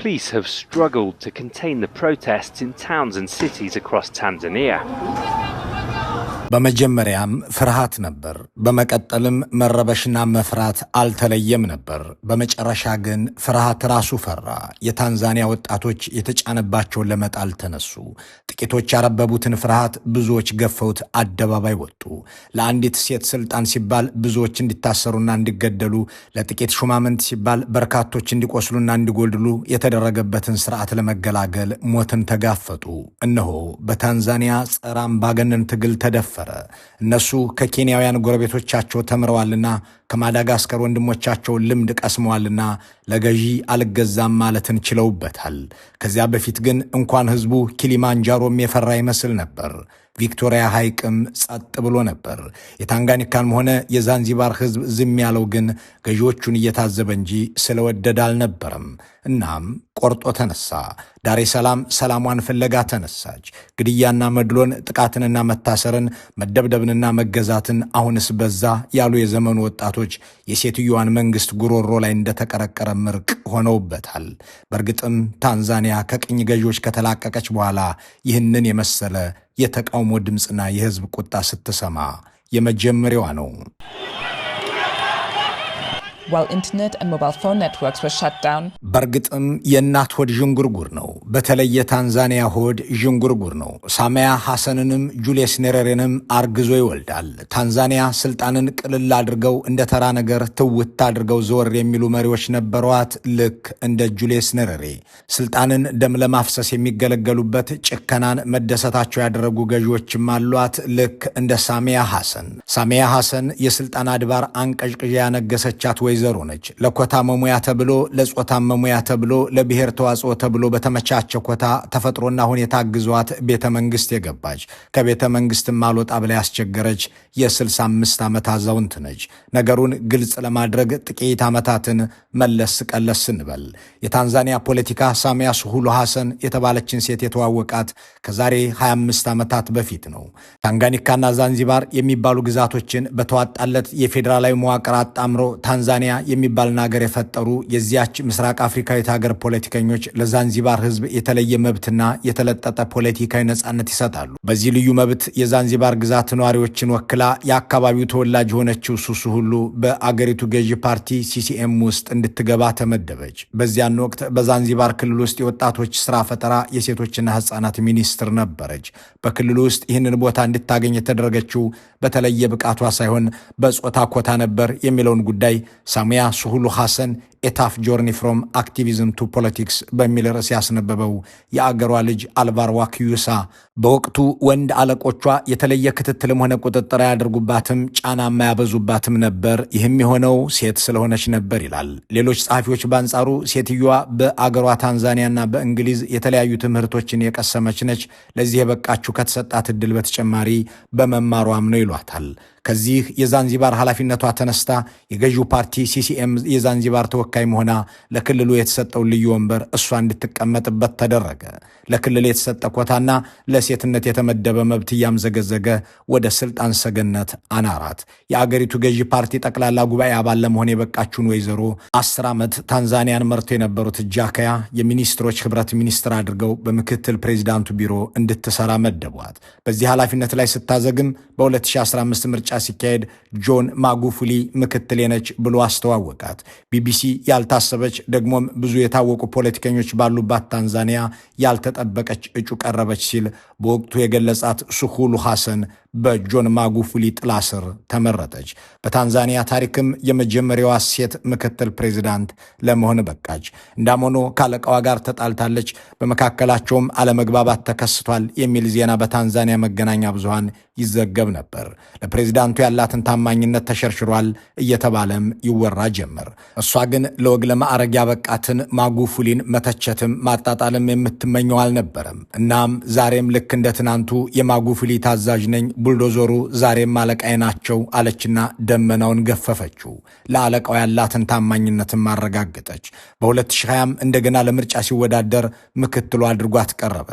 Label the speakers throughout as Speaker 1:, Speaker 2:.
Speaker 1: Police have struggled to contain the protests in towns and cities across Tanzania.
Speaker 2: በመጀመሪያም ፍርሃት ነበር። በመቀጠልም መረበሽና መፍራት አልተለየም ነበር። በመጨረሻ ግን ፍርሃት ራሱ ፈራ። የታንዛኒያ ወጣቶች የተጫነባቸውን ለመጣል ተነሱ። ጥቂቶች ያረበቡትን ፍርሃት ብዙዎች ገፈውት አደባባይ ወጡ። ለአንዲት ሴት ስልጣን ሲባል ብዙዎች እንዲታሰሩና እንዲገደሉ፣ ለጥቂት ሹማምንት ሲባል በርካቶች እንዲቆስሉና እንዲጎድሉ የተደረገበትን ስርዓት ለመገላገል ሞትን ተጋፈጡ። እነሆ በታንዛኒያ ጸረ አምባገነን ትግል ተደፈ ተደፈረ። እነሱ ከኬንያውያን ጎረቤቶቻቸው ተምረዋልና ከማዳጋስከር ወንድሞቻቸው ልምድ ቀስመዋልና ለገዢ አልገዛም ማለትን ችለውበታል። ከዚያ በፊት ግን እንኳን ሕዝቡ ኪሊማንጃሮም የፈራ ይመስል ነበር። ቪክቶሪያ ሐይቅም ጸጥ ብሎ ነበር። የታንጋኒካንም ሆነ የዛንዚባር ሕዝብ ዝም ያለው ግን ገዢዎቹን እየታዘበ እንጂ ስለወደደ አልነበረም። እናም ቆርጦ ተነሳ። ዳሬ ሰላም ሰላሟን ፍለጋ ተነሳች። ግድያና መድሎን፣ ጥቃትንና መታሰርን፣ መደብደብንና መገዛትን አሁንስ በዛ ያሉ የዘመኑ ወጣቶች የሴትዮዋን መንግስት ጉሮሮ ላይ እንደተቀረቀረ ምርቅ ሆነውበታል። በእርግጥም ታንዛኒያ ከቅኝ ገዢዎች ከተላቀቀች በኋላ ይህንን የመሰለ የተቃውሞ ድምፅና የህዝብ ቁጣ ስትሰማ የመጀመሪያዋ ነው። በእርግጥም የእናት ሆድ ዥንጉርጉር ነው። በተለይ የታንዛኒያ ሆድ ዥንጉርጉር ነው። ሳሚያ ሐሰንንም ጁልየስ ኔሬሬንም አርግዞ ይወልዳል። ታንዛኒያ ስልጣንን ቅልል አድርገው እንደ ተራ ነገር ትውት አድርገው ዘወር የሚሉ መሪዎች ነበሯት። ልክ እንደ ጁልየስ ኔሬሬ ስልጣንን ደም ለማፍሰስ የሚገለገሉበት ጭከናን መደሰታቸው ያደረጉ ገዢዎችም አሏት። ልክ እንደ ሳሚያ ሐሰን ሳሚያ ሐሰን የስልጣን አድባር አንቀዥቅዣ ያነገሰቻት ወይ ወይዘሮ ነች። ለኮታ መሙያ ተብሎ ለጾታ መሙያ ተብሎ ለብሔር ተዋጽኦ ተብሎ በተመቻቸ ኮታ ተፈጥሮና ሁኔታ ግዟት ቤተ መንግስት የገባች ከቤተ መንግስትም አልወጣ ብላ ያስቸገረች የ65 ዓመት አዛውንት ነች። ነገሩን ግልጽ ለማድረግ ጥቂት ዓመታትን መለስ ቀለስ እንበል። የታንዛኒያ ፖለቲካ ሳሚያ ሱሉሁ ሐሰን የተባለችን ሴት የተዋወቃት ከዛሬ 25 ዓመታት በፊት ነው። ታንጋኒካና ዛንዚባር የሚባሉ ግዛቶችን በተዋጣለት የፌዴራላዊ መዋቅር አጣምሮ ታንዛኒያ ኬንያ የሚባልን ሀገር የፈጠሩ የዚያች ምስራቅ አፍሪካዊት ሀገር ፖለቲከኞች ለዛንዚባር ህዝብ የተለየ መብትና የተለጠጠ ፖለቲካዊ ነጻነት ይሰጣሉ። በዚህ ልዩ መብት የዛንዚባር ግዛት ነዋሪዎችን ወክላ የአካባቢው ተወላጅ የሆነችው ሱሱ ሁሉ በአገሪቱ ገዢ ፓርቲ ሲሲኤም ውስጥ እንድትገባ ተመደበች። በዚያን ወቅት በዛንዚባር ክልል ውስጥ የወጣቶች ስራ ፈጠራ፣ የሴቶችና ህጻናት ሚኒስትር ነበረች። በክልሉ ውስጥ ይህንን ቦታ እንድታገኝ የተደረገችው በተለየ ብቃቷ ሳይሆን በጾታ ኮታ ነበር የሚለውን ጉዳይ ሳሙያ ስሁሉ ሐሰን ኤታፍ ጆርኒ ፍሮም አክቲቪዝም ቱ ፖለቲክስ በሚል ርዕስ ያስነበበው የአገሯ ልጅ አልቫር ዋክዩሳ በወቅቱ ወንድ አለቆቿ የተለየ ክትትልም ሆነ ቁጥጥር አያደርጉባትም፣ ጫና የማያበዙባትም ነበር። ይህም የሆነው ሴት ስለሆነች ነበር ይላል። ሌሎች ጸሐፊዎች በአንጻሩ ሴትዮዋ በአገሯ ታንዛኒያና በእንግሊዝ የተለያዩ ትምህርቶችን የቀሰመች ነች። ለዚህ የበቃችው ከተሰጣት እድል በተጨማሪ በመማሯም ነው ይሏታል። ከዚህ የዛንዚባር ኃላፊነቷ ተነስታ የገዢው ፓርቲ ሲሲኤም የዛንዚባር ተወ ተወካይም ሆና ለክልሉ የተሰጠው ልዩ ወንበር እሷ እንድትቀመጥበት ተደረገ። ለክልል የተሰጠ ኮታና ለሴትነት የተመደበ መብት እያምዘገዘገ ወደ ስልጣን ሰገነት አናራት። የአገሪቱ ገዢ ፓርቲ ጠቅላላ ጉባኤ አባል ለመሆን የበቃችውን ወይዘሮ አስር ዓመት ታንዛኒያን መርቶ የነበሩት ጃካያ የሚኒስትሮች ህብረት ሚኒስትር አድርገው በምክትል ፕሬዚዳንቱ ቢሮ እንድትሰራ መደቧት። በዚህ ኃላፊነት ላይ ስታዘግም በ2015 ምርጫ ሲካሄድ ጆን ማጉፉሊ ምክትሌ ነች ብሎ አስተዋወቃት። ቢቢሲ ያልታሰበች ደግሞም ብዙ የታወቁ ፖለቲከኞች ባሉባት ታንዛኒያ ያልተጠበቀች እጩ ቀረበች ሲል በወቅቱ የገለጻት ስሁሉ ሐሰን በጆን ማጉፉሊ ጥላ ስር ተመረጠች። በታንዛኒያ ታሪክም የመጀመሪያዋ ሴት ምክትል ፕሬዚዳንት ለመሆን በቃች። እንዳም ሆኖ ካለቃዋ ጋር ተጣልታለች፣ በመካከላቸውም አለመግባባት ተከስቷል የሚል ዜና በታንዛኒያ መገናኛ ብዙሃን ይዘገብ ነበር። ለፕሬዚዳንቱ ያላትን ታማኝነት ተሸርሽሯል እየተባለም ይወራ ጀመር። እሷ ግን ለወግ ለማዕረግ ያበቃትን ማጉፉሊን መተቸትም ማጣጣልም የምትመኘው አልነበረም። እናም ዛሬም ልክ ልክ እንደ ትናንቱ የማጉፍሊ ታዛዥ ነኝ፣ ቡልዶዞሩ ዛሬም አለቃዬ ናቸው አለችና ደመናውን ገፈፈችው። ለአለቃው ያላትን ታማኝነትም አረጋገጠች። በ2020 እንደገና ለምርጫ ሲወዳደር ምክትሉ አድርጓት ቀረበ።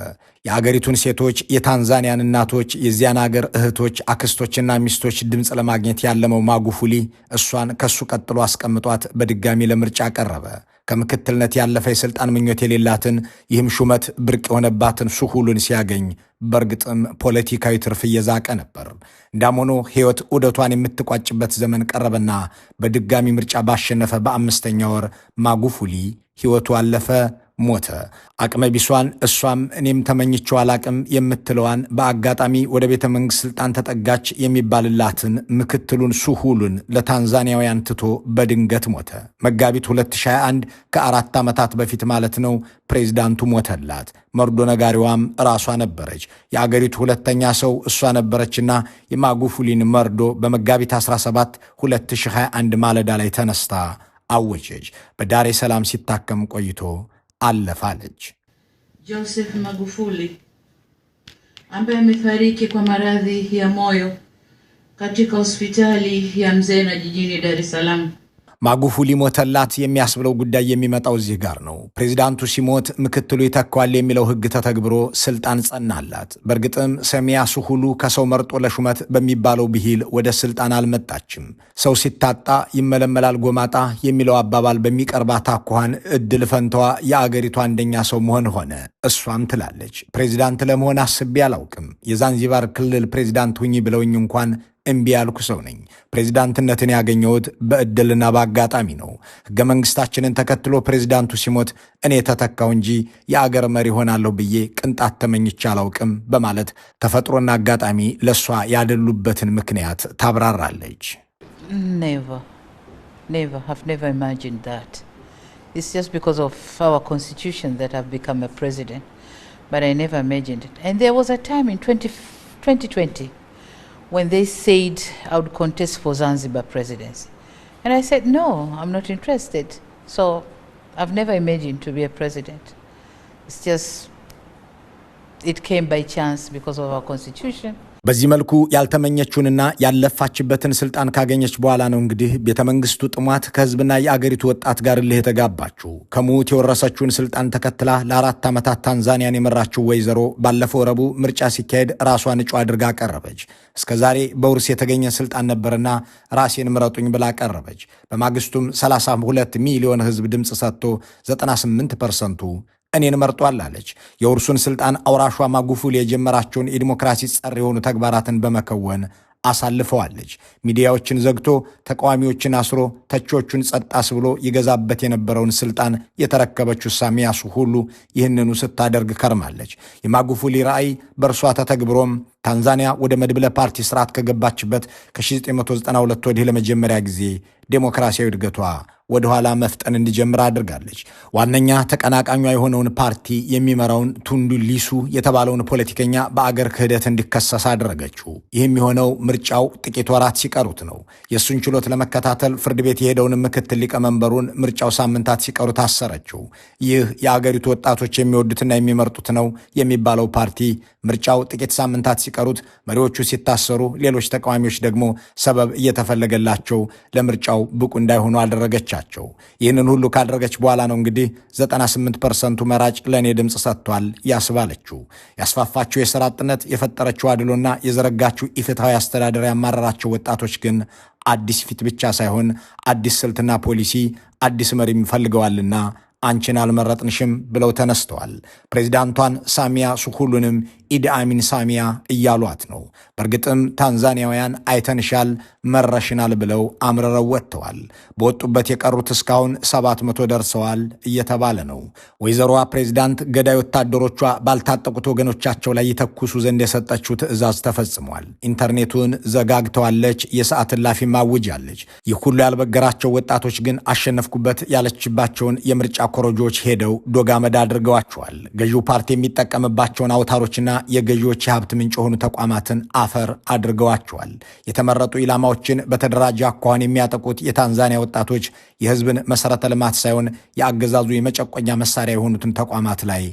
Speaker 2: የአገሪቱን ሴቶች፣ የታንዛኒያን እናቶች፣ የዚያን አገር እህቶች፣ አክስቶችና ሚስቶች ድምፅ ለማግኘት ያለመው ማጉፉሊ እሷን ከሱ ቀጥሎ አስቀምጧት በድጋሚ ለምርጫ ቀረበ። ከምክትልነት ያለፈ የሥልጣን ምኞት የሌላትን ይህም ሹመት ብርቅ የሆነባትን ሁሉን ሲያገኝ በእርግጥም ፖለቲካዊ ትርፍ እየዛቀ ነበር። እንዳም ሆኖ ሕይወት ዑደቷን የምትቋጭበት ዘመን ቀረበና በድጋሚ ምርጫ ባሸነፈ በአምስተኛ ወር ማጉፉሊ ሕይወቱ አለፈ። ሞተ። አቅመ ቢሷን እሷም እኔም ተመኝቸዋል አላቅም የምትለዋን በአጋጣሚ ወደ ቤተ መንግሥት ሥልጣን ተጠጋች የሚባልላትን ምክትሉን ሱሁሉን ለታንዛኒያውያን ትቶ በድንገት ሞተ። መጋቢት 2021 ከአራት ዓመታት በፊት ማለት ነው። ፕሬዚዳንቱ ሞተላት። መርዶ ነጋሪዋም ራሷ ነበረች። የአገሪቱ ሁለተኛ ሰው እሷ ነበረችና የማጉፉሊን መርዶ በመጋቢት 17 2021 ማለዳ ላይ ተነስታ አወጀች። በዳሬ ሰላም ሲታከም ቆይቶ አለፋለች።
Speaker 3: Joseph Magufuli ambaye amefariki kwa maradhi ya moyo katika hospitali ya Mzena jijini Dar es Salaam.
Speaker 2: ማጉሁ ሞተላት የሚያስብለው ጉዳይ የሚመጣው እዚህ ጋር ነው። ፕሬዚዳንቱ ሲሞት ምክትሉ ይተኳል የሚለው ሕግ ተተግብሮ ስልጣን ጸናላት። በእርግጥም ሰሚያሱ ሁሉ ከሰው መርጦ ለሹመት በሚባለው ብሂል ወደ ስልጣን አልመጣችም። ሰው ሲታጣ ይመለመላል ጎማጣ የሚለው አባባል በሚቀርባት አኳኋን እድል ፈንተዋ የአገሪቱ አንደኛ ሰው መሆን ሆነ። እሷም ትላለች ፕሬዚዳንት ለመሆን አስቤ አላውቅም። የዛንዚባር ክልል ፕሬዚዳንት ሁኚ ብለውኝ እንኳን እምቢ ያልኩ ሰው ነኝ። ፕሬዚዳንትነትን ያገኘሁት በእድልና በአጋጣሚ ነው። ሕገ መንግሥታችንን ተከትሎ ፕሬዚዳንቱ ሲሞት እኔ ተተካው እንጂ የአገር መሪ ሆናለሁ ብዬ ቅንጣት ተመኝቼ አላውቅም በማለት ተፈጥሮና አጋጣሚ ለእሷ ያደሉበትን ምክንያት ታብራራለች።
Speaker 3: ኔቨር when they said I would contest for Zanzibar presidency. And I said, no, I'm not interested. So I've never imagined to be a president. It's just, it came by chance because of our constitution
Speaker 2: በዚህ መልኩ ያልተመኘችውንና ያለፋችበትን ስልጣን ካገኘች በኋላ ነው እንግዲህ ቤተመንግስቱ ጥሟት ከህዝብና የአገሪቱ ወጣት ጋር ልህ የተጋባችው። ከሙት የወረሰችውን ስልጣን ተከትላ ለአራት ዓመታት ታንዛኒያን የመራችው ወይዘሮ ባለፈው ረቡዕ ምርጫ ሲካሄድ ራሷን እጩ አድርጋ ቀረበች። እስከዛሬ በውርስ የተገኘ ስልጣን ነበርና ራሴን ምረጡኝ ብላ ቀረበች። በማግስቱም 32 ሚሊዮን ህዝብ ድምፅ ሰጥቶ 98 ፐርሰንቱ እኔን መርጧል አለች። የውርሱን ስልጣን አውራሿ ማጉፉል የጀመራቸውን የዲሞክራሲ ጸር የሆኑ ተግባራትን በመከወን አሳልፈዋለች። ሚዲያዎችን ዘግቶ ተቃዋሚዎችን አስሮ ተቾቹን ጸጥ አስብሎ ይገዛበት የነበረውን ስልጣን የተረከበችው ሳሚያሱ ሁሉ ይህንኑ ስታደርግ ከርማለች። የማጉፉሊ ራዕይ በእርሷ ተተግብሮም ታንዛኒያ ወደ መድብለ ፓርቲ ስርዓት ከገባችበት ከ1992 ወዲህ ለመጀመሪያ ጊዜ ዴሞክራሲያዊ እድገቷ ወደኋላ መፍጠን እንዲጀምር አድርጋለች። ዋነኛ ተቀናቃኟ የሆነውን ፓርቲ የሚመራውን ቱንዱ ሊሱ የተባለውን ፖለቲከኛ በአገር ክህደት እንዲከሰስ አደረገችው። ይህም የሆነው ምርጫው ጥቂት ወራት ሲቀሩት ነው። የእሱን ችሎት ለመከታተል ፍርድ ቤት የሄደውን ምክትል ሊቀመንበሩን ምርጫው ሳምንታት ሲቀሩት አሰረችው። ይህ የአገሪቱ ወጣቶች የሚወዱትና የሚመርጡት ነው የሚባለው ፓርቲ ምርጫው ጥቂት ሳምንታት የቀሩት መሪዎቹ ሲታሰሩ፣ ሌሎች ተቃዋሚዎች ደግሞ ሰበብ እየተፈለገላቸው ለምርጫው ብቁ እንዳይሆኑ አደረገቻቸው። ይህንን ሁሉ ካደረገች በኋላ ነው እንግዲህ 98 ፐርሰንቱ መራጭ ለእኔ ድምፅ ሰጥቷል ያስባለችው። ያስፋፋችው የስራ አጥነት፣ የፈጠረችው አድሎና የዘረጋችው ኢፍትሐዊ አስተዳደር ያማረራቸው ወጣቶች ግን አዲስ ፊት ብቻ ሳይሆን አዲስ ስልትና ፖሊሲ፣ አዲስ መሪም ፈልገዋልና አንቺን አልመረጥንሽም ብለው ተነስተዋል። ፕሬዚዳንቷን ሳሚያ ሱሉንም ኢድ አሚን ሳሚያ እያሏት ነው። በእርግጥም ታንዛኒያውያን አይተንሻል፣ መረሽናል ብለው አምርረው ወጥተዋል። በወጡበት የቀሩት እስካሁን 700 ደርሰዋል እየተባለ ነው። ወይዘሮዋ ፕሬዚዳንት ገዳይ ወታደሮቿ ባልታጠቁት ወገኖቻቸው ላይ የተኩሱ ዘንድ የሰጠችው ትዕዛዝ ተፈጽሟል። ኢንተርኔቱን ዘጋግተዋለች፣ የሰዓት እላፊም አውጃለች። ይህ ሁሉ ያልበገራቸው ወጣቶች ግን አሸነፍኩበት ያለችባቸውን የምርጫ ኮረጆዎች ሄደው ዶጋ መዳ አድርገዋቸዋል። ገዢው ፓርቲ የሚጠቀምባቸውን አውታሮችና የገዢዎች የሀብት ምንጭ የሆኑ ተቋማትን አፈር አድርገዋቸዋል። የተመረጡ ኢላማዎችን በተደራጀ አኳኋን የሚያጠቁት የታንዛኒያ ወጣቶች የህዝብን መሰረተ ልማት ሳይሆን የአገዛዙ የመጨቆኛ መሳሪያ የሆኑትን ተቋማት ላይ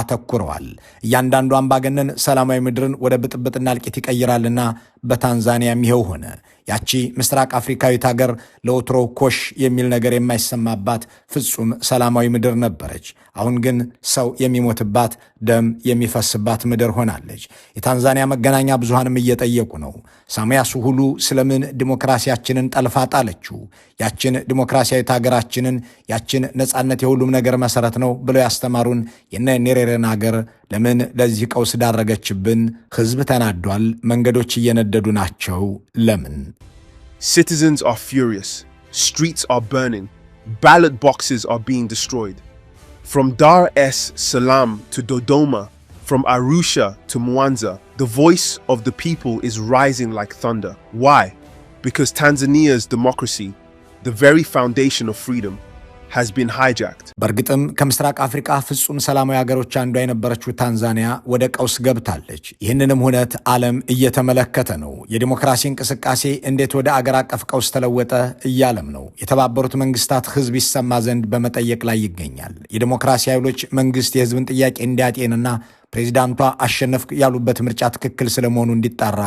Speaker 2: አተኩረዋል። እያንዳንዱ አምባገነን ሰላማዊ ምድርን ወደ ብጥብጥና እልቂት ይቀይራልና በታንዛኒያም ይኸው ሆነ። ያቺ ምስራቅ አፍሪካዊት ሀገር ለወትሮ ኮሽ የሚል ነገር የማይሰማባት ፍጹም ሰላማዊ ምድር ነበረች። አሁን ግን ሰው የሚሞትባት ደም የሚፈስባት ምድር ሆናለች። የታንዛኒያ መገናኛ ብዙሃንም እየጠየቁ ነው። ሳሙያ ሱሉሁ ስለምን ዲሞክራሲያችንን ጠልፋ ጣለችው? ያችን ዲሞክራሲያዊት ሀገራችንን ያችን ነጻነት የሁሉም ነገር መሰረት ነው ብለው ያስተማሩን የነ ኔሬሬን ሀገር ለምን ለዚህ ቀውስ ዳረገችብን? ህዝብ ተናዷል። መንገዶች እየነደዱ ናቸው። ለምን?
Speaker 4: destroyed. From Dar es Salaam to Dodoma, From Arusha to Mwanza, the voice of the people is rising like thunder. Why? Because Tanzania's democracy, the very foundation of freedom,
Speaker 2: በእርግጥም ከምስራቅ አፍሪካ ፍጹም ሰላማዊ ሀገሮች አንዷ የነበረችው ታንዛኒያ ወደ ቀውስ ገብታለች። ይህንንም ሁነት ዓለም እየተመለከተ ነው። የዲሞክራሲ እንቅስቃሴ እንዴት ወደ አገር አቀፍ ቀውስ ተለወጠ እያለም ነው። የተባበሩት መንግስታት ህዝብ ይሰማ ዘንድ በመጠየቅ ላይ ይገኛል። የዲሞክራሲ ኃይሎች መንግስት የህዝብን ጥያቄ እንዲያጤንና ፕሬዚዳንቷ አሸነፍ ያሉበት ምርጫ ትክክል ስለመሆኑ እንዲጣራ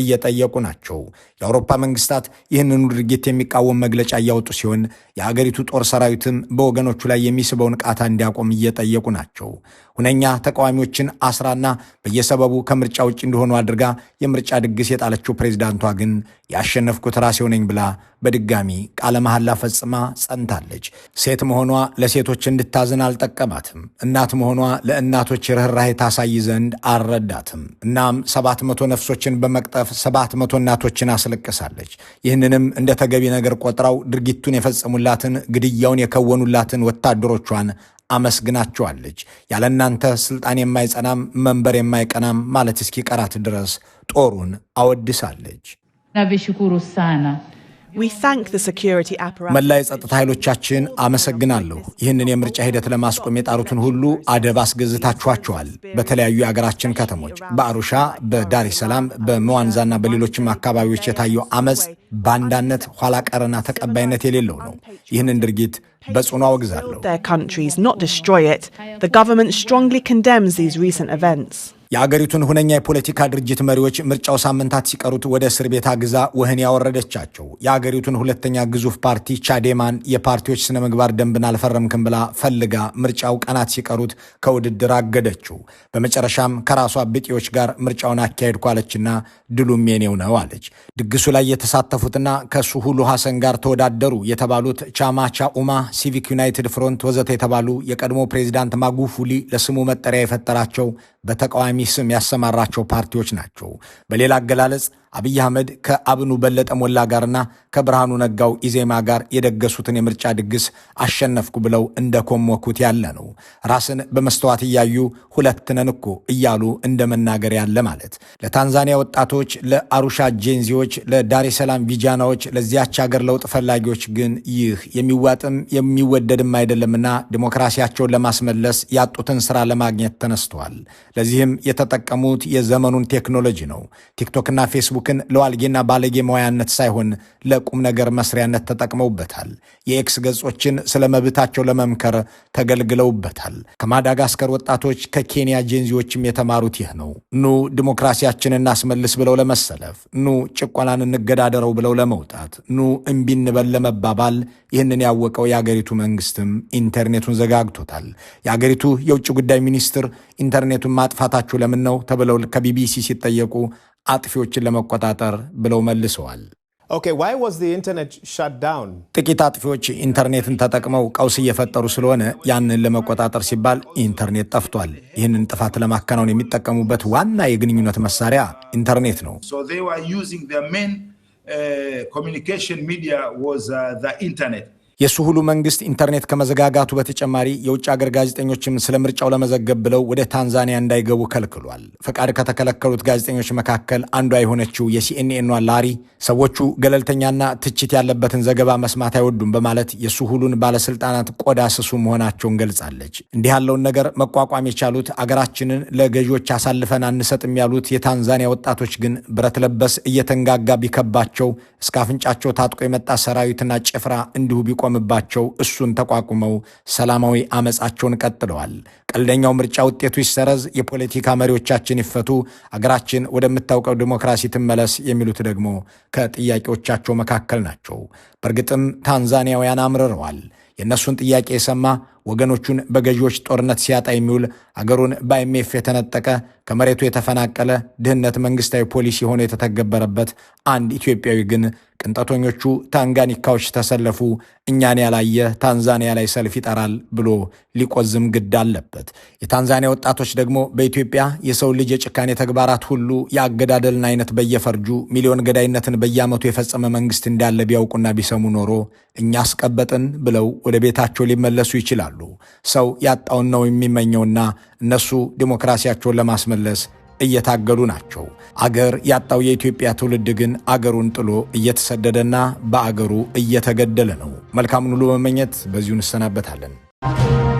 Speaker 2: እየጠየቁ ናቸው። የአውሮፓ መንግስታት ይህንኑ ድርጊት የሚቃወም መግለጫ እያወጡ ሲሆን የአገሪቱ ጦር ሰራዊትም በወገኖቹ ላይ የሚስበውን ቃታ እንዲያቆም እየጠየቁ ናቸው። ሁነኛ ተቃዋሚዎችን አስራና በየሰበቡ ከምርጫ ውጭ እንደሆኑ አድርጋ የምርጫ ድግስ የጣለችው ፕሬዚዳንቷ ግን ያሸነፍኩት ራሴው ነኝ ብላ በድጋሚ ቃለ መሐላ ፈጽማ ጸንታለች። ሴት መሆኗ ለሴቶች እንድታዝን አልጠቀማትም። እናት መሆኗ ለእናቶች ርኅራሄ ታሳይ ዘንድ አልረዳትም። እናም ሰባት መቶ ነፍሶችን በመቅጠፍ ሰባት መቶ እናቶችን አስለቅሳለች። ይህንንም እንደ ተገቢ ነገር ቆጥራው ድርጊቱን የፈጸሙላትን ግድያውን የከወኑላትን ወታደሮቿን አመስግናቸዋለች። ያለ እናንተ ስልጣን የማይጸናም መንበር የማይቀናም ማለት እስኪቀራት ድረስ ጦሩን አወድሳለች።
Speaker 3: Navishukuru sana.
Speaker 2: መላ የጸጥታ ኃይሎቻችን አመሰግናለሁ። ይህንን የምርጫ ሂደት ለማስቆም የጣሩትን ሁሉ አደብ አስገዝታችኋቸዋል። በተለያዩ የአገራችን ከተሞች በአሩሻ፣ በዳሬ ሰላም፣ በመዋንዛና በሌሎችም አካባቢዎች የታየው አመፅ ባንዳነት፣ ኋላ ቀርና ተቀባይነት የሌለው ነው። ይህንን ድርጊት በጽኑ አወግዛለሁ። የአገሪቱን ሁነኛ የፖለቲካ ድርጅት መሪዎች ምርጫው ሳምንታት ሲቀሩት ወደ እስር ቤት አግዛ ወህኒ ያወረደቻቸው የአገሪቱን ሁለተኛ ግዙፍ ፓርቲ ቻዴማን የፓርቲዎች ስነ ምግባር ደንብን አልፈረምክም ብላ ፈልጋ ምርጫው ቀናት ሲቀሩት ከውድድር አገደችው። በመጨረሻም ከራሷ ብጤዎች ጋር ምርጫውን አካሄድኩ አለችና ድሉም የኔው ነው አለች። ድግሱ ላይ የተሳተፉትና ሁሉ ሐሰን ጋር ተወዳደሩ የተባሉት ቻማ ቻኡማ፣ ሲቪክ ዩናይትድ ፍሮንት ወዘተ የተባሉ የቀድሞ ፕሬዚዳንት ማጉፉሊ ለስሙ መጠሪያ የፈጠራቸው በተቃዋሚ በቀኝ ስም ያሰማራቸው ፓርቲዎች ናቸው። በሌላ አገላለጽ አብይ አህመድ ከአብኑ በለጠ ሞላ ጋርና ከብርሃኑ ነጋው ኢዜማ ጋር የደገሱትን የምርጫ ድግስ አሸነፍኩ ብለው እንደኮሞኩት ያለ ነው። ራስን በመስተዋት እያዩ ሁለት ነን እኮ እያሉ እንደ መናገር ያለ ማለት ለታንዛኒያ ወጣቶች፣ ለአሩሻ ጄንዚዎች፣ ለዳሬሰላም ቪጃናዎች፣ ለዚያች ሀገር ለውጥ ፈላጊዎች ግን ይህ የሚዋጥም የሚወደድም አይደለምና ዲሞክራሲያቸውን ለማስመለስ ያጡትን ስራ ለማግኘት ተነስተዋል። ለዚህም የተጠቀሙት የዘመኑን ቴክኖሎጂ ነው። ቲክቶክና ፌስቡክ ፌስቡክን ለዋልጌና ባለጌ መዋያነት ሳይሆን ለቁም ነገር መስሪያነት ተጠቅመውበታል። የኤክስ ገጾችን ስለ መብታቸው ለመምከር ተገልግለውበታል። ከማዳጋስከር ወጣቶች፣ ከኬንያ ጄንዚዎችም የተማሩት ይህ ነው። ኑ ዲሞክራሲያችን እናስመልስ ብለው ለመሰለፍ፣ ኑ ጭቆናን እንገዳደረው ብለው ለመውጣት፣ ኑ እምቢ እንበል ለመባባል ይህንን ያወቀው የአገሪቱ መንግስትም ኢንተርኔቱን ዘጋግቶታል። የአገሪቱ የውጭ ጉዳይ ሚኒስትር ኢንተርኔቱን ማጥፋታችሁ ለምን ነው ተብለው ከቢቢሲ ሲጠየቁ አጥፊዎችን ለመቆጣጠር ብለው መልሰዋል። ጥቂት አጥፊዎች ኢንተርኔትን ተጠቅመው ቀውስ እየፈጠሩ ስለሆነ ያንን ለመቆጣጠር ሲባል ኢንተርኔት ጠፍቷል። ይህንን ጥፋት ለማከናወን የሚጠቀሙበት ዋና የግንኙነት መሳሪያ ኢንተርኔት ነው።
Speaker 5: ኮሚኒኬሽን ሚዲያ ኢንተርኔት
Speaker 2: የሱሁሉ ሁሉ መንግስት ኢንተርኔት ከመዘጋጋቱ በተጨማሪ የውጭ አገር ጋዜጠኞችም ስለ ምርጫው ለመዘገብ ብለው ወደ ታንዛኒያ እንዳይገቡ ከልክሏል። ፈቃድ ከተከለከሉት ጋዜጠኞች መካከል አንዷ የሆነችው የሲኤንኤኗ ላሪ ሰዎቹ ገለልተኛና ትችት ያለበትን ዘገባ መስማት አይወዱም በማለት የሱሁሉን ባለስልጣናት ቆዳ ስሱ መሆናቸውን ገልጻለች። እንዲህ ያለውን ነገር መቋቋም የቻሉት አገራችንን ለገዢዎች አሳልፈን አንሰጥም ያሉት የታንዛኒያ ወጣቶች ግን ብረት ለበስ እየተንጋጋ ቢከባቸው እስከ አፍንጫቸው ታጥቆ የመጣ ሰራዊትና ጭፍራ እንዲሁ ቢቆም ሲሾምባቸው እሱን ተቋቁመው ሰላማዊ አመፃቸውን ቀጥለዋል። ቀልደኛው ምርጫ ውጤቱ ይሰረዝ፣ የፖለቲካ መሪዎቻችን ይፈቱ፣ አገራችን ወደምታውቀው ዲሞክራሲ ትመለስ የሚሉት ደግሞ ከጥያቄዎቻቸው መካከል ናቸው። በእርግጥም ታንዛኒያውያን አምርረዋል። የእነሱን ጥያቄ የሰማ ወገኖቹን በገዢዎች ጦርነት ሲያጣ የሚውል አገሩን በአይኤምኤፍ የተነጠቀ ከመሬቱ የተፈናቀለ ድህነት መንግስታዊ ፖሊሲ ሆኖ የተተገበረበት አንድ ኢትዮጵያዊ ግን ቅንጣተኞቹ ታንጋኒካዎች ተሰለፉ፣ እኛን ያላየ ታንዛኒያ ላይ ሰልፍ ይጠራል ብሎ ሊቆዝም ግድ አለበት። የታንዛኒያ ወጣቶች ደግሞ በኢትዮጵያ የሰው ልጅ የጭካኔ ተግባራት ሁሉ የአገዳደልን አይነት በየፈርጁ ሚሊዮን ገዳይነትን በየዓመቱ የፈጸመ መንግስት እንዳለ ቢያውቁና ቢሰሙ ኖሮ እኛ አስቀበጥን ብለው ወደ ቤታቸው ሊመለሱ ይችላሉ። ሰው ያጣውን ነው የሚመኘውና እነሱ ዲሞክራሲያቸውን ለማስመለስ እየታገሉ ናቸው። አገር ያጣው የኢትዮጵያ ትውልድ ግን አገሩን ጥሎ እየተሰደደና በአገሩ እየተገደለ ነው። መልካሙን ሁሉ መመኘት በዚሁ እንሰናበታለን።